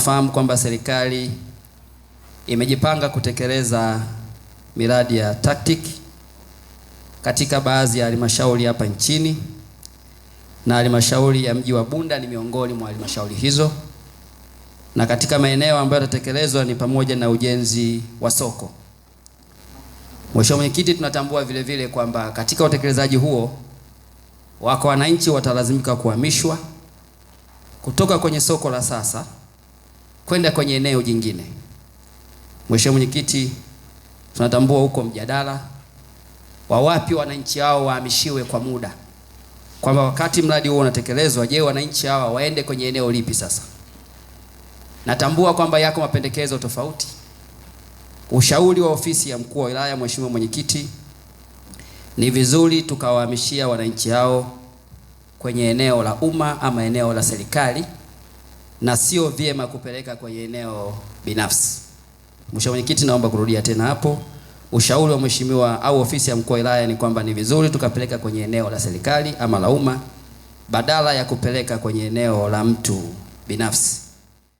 Fahamu kwamba serikali imejipanga kutekeleza miradi ya TACTIC katika baadhi ya halmashauri hapa nchini na halmashauri ya mji wa Bunda ni miongoni mwa halmashauri hizo, na katika maeneo ambayo yatatekelezwa ni pamoja na ujenzi wa soko. Mheshimiwa Mwenyekiti, tunatambua vile vile kwamba katika utekelezaji huo wako wananchi watalazimika kuhamishwa kutoka kwenye soko la sasa kwenda kwenye eneo jingine. Mheshimiwa Mwenyekiti, tunatambua huko mjadala wa wapi wananchi hao wahamishiwe kwa muda, kwamba wakati mradi huo unatekelezwa, je, wananchi hawa waende kwenye eneo lipi sasa? Natambua kwamba yako mapendekezo tofauti. Ushauri wa ofisi ya mkuu wa wilaya, Mheshimiwa Mwenyekiti, ni vizuri tukawahamishia wananchi hao kwenye eneo la umma ama eneo la serikali na sio vyema kupeleka kwenye eneo binafsi. Mheshimiwa Mwenyekiti, naomba kurudia tena hapo. Ushauri wa mheshimiwa au ofisi ya mkuu wa wilaya ni kwamba ni vizuri tukapeleka kwenye eneo la serikali ama la umma badala ya kupeleka kwenye eneo la mtu binafsi.